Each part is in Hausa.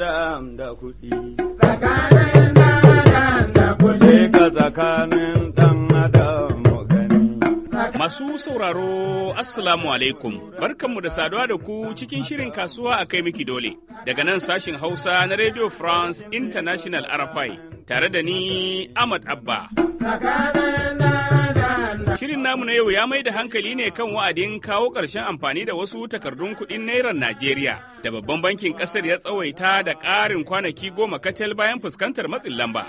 Masu sauraro Assalamu alaikum, barkanmu da saduwa da ku cikin shirin kasuwa a kai miki dole, daga nan sashin Hausa na Radio France International RFI, tare da ni Ahmad Abba. Shirin namu na yau ya mai da hankali ne kan wa'adin kawo ƙarshen amfani da wasu takardun kuɗin Nairar Najeriya da babban bankin ƙasar ya tsawaita da ƙarin kwanaki goma kacal bayan fuskantar matsin lamba.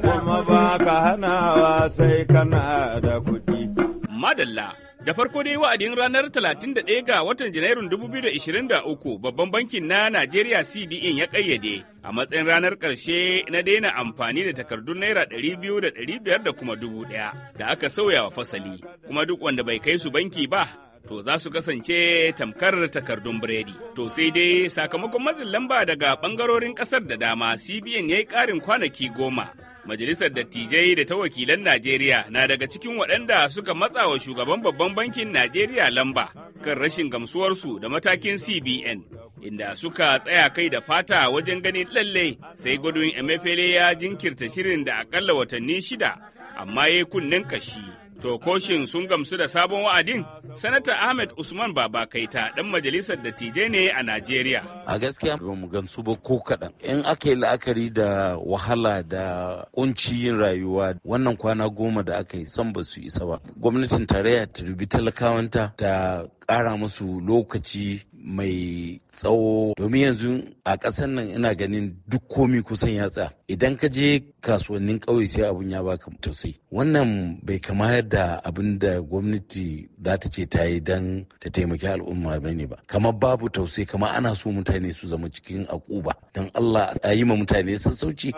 Kuma hanawa sai kana da kuɗi. Madalla. Da farko dai wa'adin ranar 31 ga watan Janairun 2023 babban bankin na Najeriya CBN ya ƙayyade a matsayin ranar ƙarshe na daina amfani da takardun Naira 200 da 500 da kuma 1000 da aka sauya wa fasali, kuma duk wanda bai kai su banki ba to za su kasance tamkar takardun biredi. To sai dai sakamakon matsin lamba daga ɓangarorin ƙasar da dama CBN ya yi ƙarin kwanaki goma Majalisar Dattijai da ta wakilan Najeriya na daga cikin waɗanda suka matsa wa shugaban babban bankin Najeriya lamba kan rashin gamsuwarsu da matakin CBN, inda suka tsaya kai da fata wajen ganin lalle sai gudun Emefiele ya jinkirta shirin da akalla watanni shida, amma ya kunnen kashi. To koshin sun gamsu da sabon wa'adin? Sanata Ahmed Usman Baba Kaita dan majalisar dattijai ne a Najeriya. A gaskiya ba mu gamsu ba ko kaɗan. In aka yi la'akari da wahala da kunci yin rayuwa wannan kwana goma da aka yi san ba su isa ba. Gwamnatin tarayya ta rubi talakawanta ta ƙara musu lokaci mai tsawo domin yanzu a ƙasar nan ina ganin duk komi kusan yatsa. idan ka je kasuwannin ƙauye sai abun ya baka tausayi wannan bai kama yadda abin da gwamnati za ta ce ta yi don ta taimaki al'umma bane ba Kama babu tausayi kama ana so mutane su zama cikin akuba don Allah a yi ma mutane sassauci.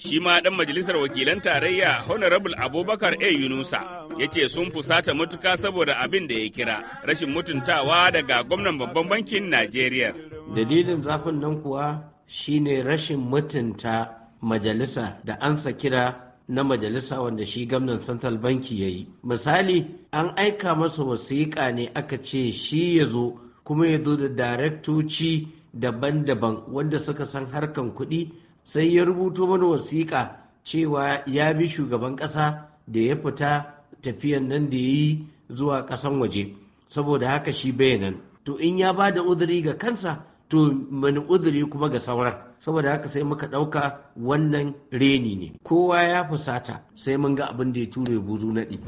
Shi ma ɗan majalisar wakilan tarayya Honorable Abubakar A Yunusa ya ce sun fusata matuka saboda abin da ya kira rashin mutuntawa daga gwamnan babban bankin Najeriya. Dalilin zafin nan kuwa shine rashin mutunta majalisa da an kira na majalisa wanda shi gwamnan central banki ya yi. Misali, an aika masa wasiƙa ne aka ce shi ya zo kuma ya zo da daraktoci daban-daban wanda suka san harkan kuɗi sai ya rubuto mana wasiƙa cewa ya bi shugaban ƙasa da ya fita tafiyan nan da ya yi zuwa ƙasan waje saboda haka shi bayanan to in ya ba da uzuri ga kansa to mani uzuri kuma ga sauran saboda haka sai muka ɗauka wannan reni ne kowa ya fusata sai mun ga abin da ya ture buzu naɗi.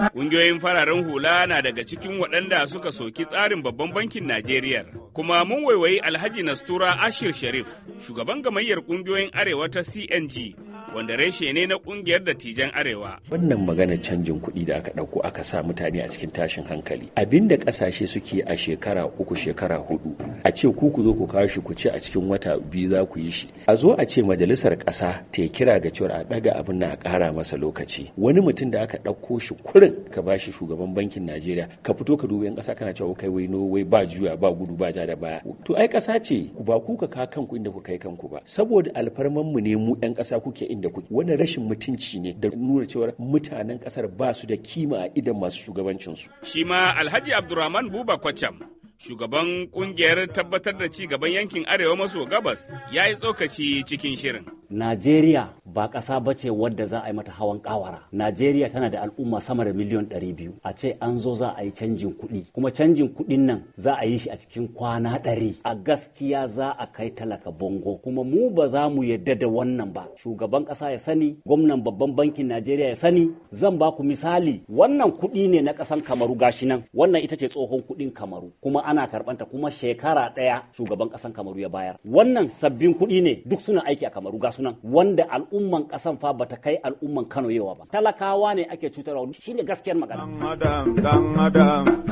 Ƙungiyoyin fararen hula na daga cikin waɗanda suka soki tsarin babban bankin Najeriya. Kuma mun waiwayi Alhaji Nastura Ashir Sharif, shugaban gamayyar ƙungiyoyin Arewa ta CNG, wanda reshe ne na kungiyar dattijan arewa. Wannan magana canjin kuɗi da aka ɗauko aka sa mutane a cikin tashin hankali. Abin da ƙasashe suke a shekara uku shekara hudu a ce ku ku zo ku kawo shi ku ce a cikin wata biyu za ku yi shi. A zo a ce majalisar ƙasa ta kira ga cewa a ɗaga abin na a ƙara masa lokaci. Wani mutum da aka ɗauko shi kurin ka ba shi shugaban bankin Najeriya ka fito ka dubi 'yan ƙasa kana cewa kai wai no wai ba juya ba gudu ba ja da baya. To ai ƙasa ce ba ku ka ka kanku inda ku kai kanku ba saboda alfarmanmu ne mu 'yan ƙasa kuke inda da kuke wannan rashin mutunci ne da nuna cewa mutanen kasar ba su da kima a idan masu shugabancin su shi ma Alhaji Abdurrahman Buba Kwacham shugaban kungiyar tabbatar da ci gaban yankin arewa maso gabas ya yi tsokaci cikin shirin Najeriya ba ƙasa ba ce wadda za a yi mata hawan ƙawara. Najeriya tana da al'umma sama da miliyon ɗari biyu. A ce an zo za a yi canjin kuɗi. Kuma canjin kuɗin nan za a yi shi a cikin kwana ɗari. A gaskiya za a kai talaka bongo. Kuma mu ba za mu yadda da wannan ba. Shugaban ƙasa ya sani, gwamnan babban bankin Najeriya ya sani. Zan ba ku misali wannan kuɗi ne na ƙasan Kamaru gashi nan. Wannan ita ce tsohon kuɗin Kamaru. Kuma ana karɓanta kuma shekara ɗaya shugaban ƙasan Kamaru ya bayar. Wannan sabbin kuɗi ne duk suna aiki a Kamaru gasu sunan wanda al'umman kasan fa bata kai al'umman Kano yawa ba talakawa ne ake cutarwa shine gaskiyar magana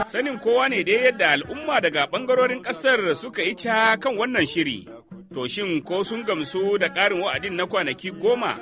sanin kowa ne dai yadda al'umma daga bangarorin kasar suka yi ca kan wannan shiri to shin ko sun gamsu da ƙarin wa'adin na kwanaki goma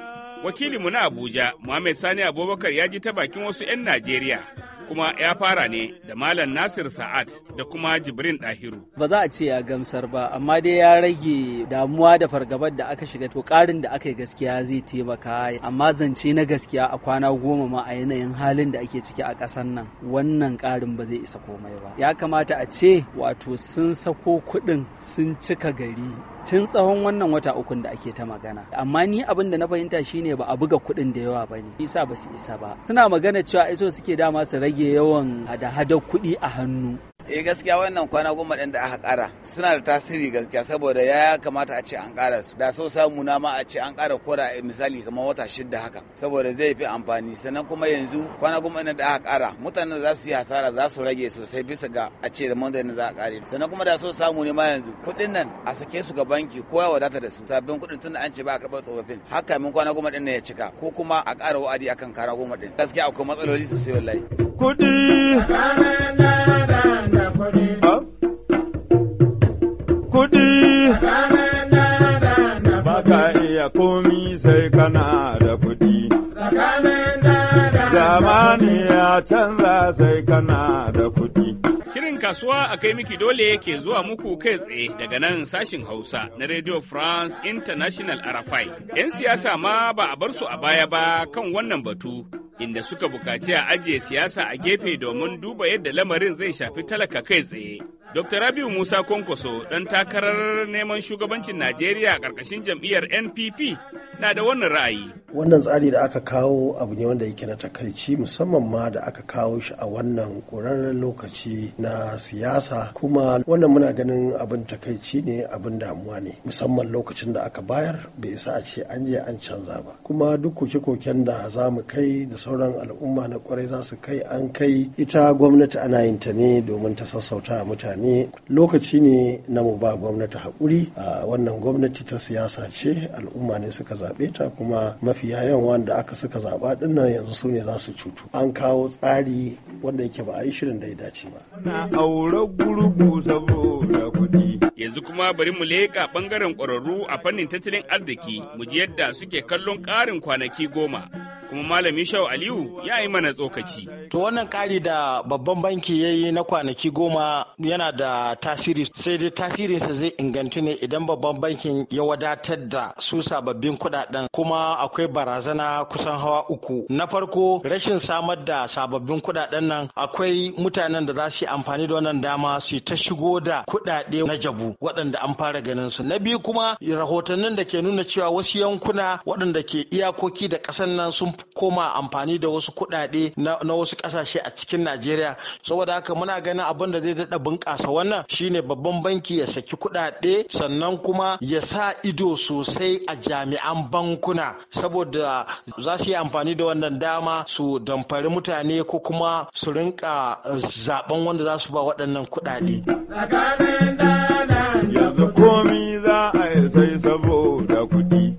wakilinmu na Abuja Muhammad Sani Abubakar ya ji ta bakin wasu 'yan Najeriya kuma ya fara ne da Malam Nasir Sa'ad da kuma Jibrin Dahiru. Ba za a ce ya gamsar ba, amma dai ya rage damuwa da fargabar da aka shiga to ƙarin da aka yi gaskiya zai taimaka amma zance na gaskiya a kwana goma ma a yanayin halin da ake ciki a ƙasar nan wannan ƙarin ba zai isa komai ba. Ya kamata a ce wato sun sako kuɗin sun cika gari tun tsawon wannan wata ukun da ake ta magana amma ni abin da na fahimta shine ba a buga kuɗin da yawa bane isa ba su isa ba suna magana cewa iso suke dama su rage yawan hada-hadar kuɗi a hannu eh gaskiya wannan kwana goma ɗin da aka ƙara suna da tasiri gaskiya saboda ya kamata a ce an ƙara su da so samu na ma a ce an ƙara kora misali kamar wata shida haka saboda zai fi amfani sannan kuma yanzu kwana goma ɗin da aka ƙara mutanen za su yi hasara za su rage sosai bisa ga a ce da mandarin za a ƙare sannan kuma da so samu ne ma yanzu kuɗin nan a sake su ga banki ko ya wadata da su sabbin kuɗin tun da an ce ba a karɓar tsofaffin haka min kwana goma ɗin ya cika ko kuma a ƙara wa'adi akan kwana goma ɗin gaskiya akwai matsaloli sosai wallahi. Kuɗi. Kuɗi baka iya komi sai kana da kuɗi. Zamani ya canza sai kana da kuɗi. Shirin kasuwa a kai miki dole yake zuwa muku kai tsaye daga nan sashin Hausa na Radio France International Arafai. 'Yan siyasa ma ba a bar su a baya ba kan wannan batu inda suka bukaci a ajiye siyasa a gefe domin duba yadda lamarin zai shafi talaka kai tsaye. Dr. Rabiu Musa Kwankwaso ɗan takarar neman shugabancin Najeriya a ƙarƙashin jam'iyyar NPP na da wannan ra'ayi. Wannan tsari da aka kawo abu ne wanda yake na takaici musamman ma da aka kawo shi a wannan ƙurarren lokaci na siyasa kuma wannan muna ganin abin takaici ne abin damuwa ne musamman lokacin da aka bayar bai isa a ce an je an canza ba kuma duk koke-koken da za mu kai da sauran al'umma na kwarai za su kai an kai ita gwamnati ana yin ta ne domin ta sassauta mutane ne lokaci ne na mu ba gwamnati haƙuri a wannan gwamnati ta siyasa ce al'umma ne suka zaɓe ta kuma mafiya yawan wanda aka suka zaɓa dinnan yanzu su ne za su cutu an kawo tsari wanda yake ba a yi shirin da ya dace ba. yanzu kuma bari mu leƙa ɓangaren ƙwararru a fannin tattalin arziki mu ji yadda suke kallon ƙarin kwanaki goma kuma malamin shau aliyu ya yi mana tsokaci. To wannan ƙari da babban banki ya yi na kwanaki goma yana da tasiri sai dai tasirinsa zai inganta ne idan babban bankin ya wadatar da su sababbin kuɗaɗen kuma akwai barazana kusan hawa uku. Na farko rashin samar da sababbin kuɗaɗen nan akwai mutanen da za su yi amfani da wannan dama su ta shigo da kuɗaɗe na jabu waɗanda an fara ganin su. Na biyu kuma rahotannin da ke nuna cewa wasu yankuna waɗanda ke iyakoki da ƙasar nan sun koma amfani da wasu kuɗaɗe na wasu wasu kasashe a cikin Najeriya saboda haka muna ganin abin da zai daɗa bunƙasa wannan shine babban banki ya saki kuɗaɗe sannan kuma ya sa ido sosai a jami'an bankuna saboda za su yi amfani da wannan dama su damfari mutane ko kuma su rinka eh, zaben wanda za su ba waɗannan kuɗaɗe.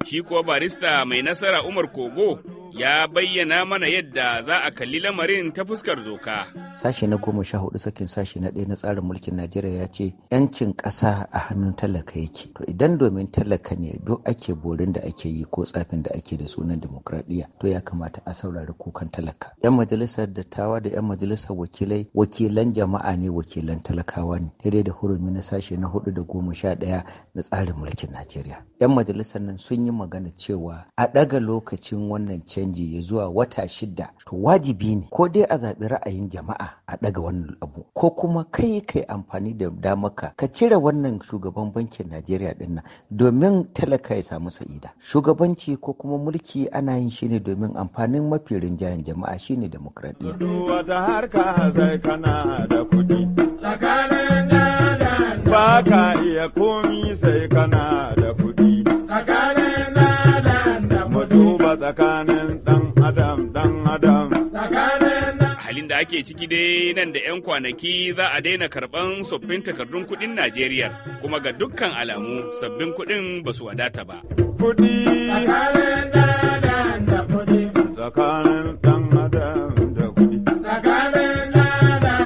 Shi kuwa barista mai nasara Umar Kogo ya bayyana mana yadda za a kalli lamarin ta fuskar zoka. sashe na goma sha hudu sakin sashe na ɗaya na tsarin mulkin najeriya ya ce yancin ƙasa a hannun talaka yake to idan domin talaka ne duk ake borin da ake yi ko tsafin da ake da sunan demokradiyya to ya kamata a saurari kukan talaka yan majalisar dattawa da yan majalisar wakilai wakilan jama'a ne wakilan talakawa ne daidai da hurumi na sashe na hudu da goma sha ɗaya na tsarin mulkin najeriya yan majalisar nan sun yi magana cewa a ɗaga lokacin wannan canji ya zuwa wata shida to wajibi ne ko dai a zaɓi ra'ayin jama'a a ɗaga wannan abu ko kuma kai kai amfani da damaka ka cire wannan shugaban bankin najeriya din domin talaka ya samu sa'ida shugabanci ko kuma mulki ana yin shi ne domin amfanin mafi rinjayen jama'a shine demokradiyya ba ka iya komi kana da kuɗi. Tsakanin na da mu duba tsakanin da ake ciki dai nan da 'yan kwanaki za a daina karɓan sabbin takardun kuɗin Najeriya kuma ga dukkan alamu sabbin kuɗin ba su wadata ba.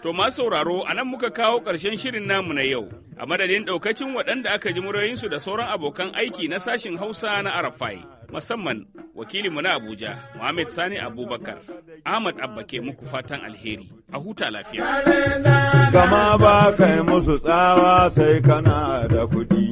To masu sauraro a nan muka kawo ƙarshen shirin namu na yau. A madadin ɗaukacin waɗanda aka ji murayinsu da sauran abokan aiki na sashin Hausa na Arafai. musamman wakilinmu na Abuja Muhammad Sani Abubakar Ahmad Abba ke muku fatan alheri a huta lafiya. Gama ba kai musu tsawa sai kana da kuɗi.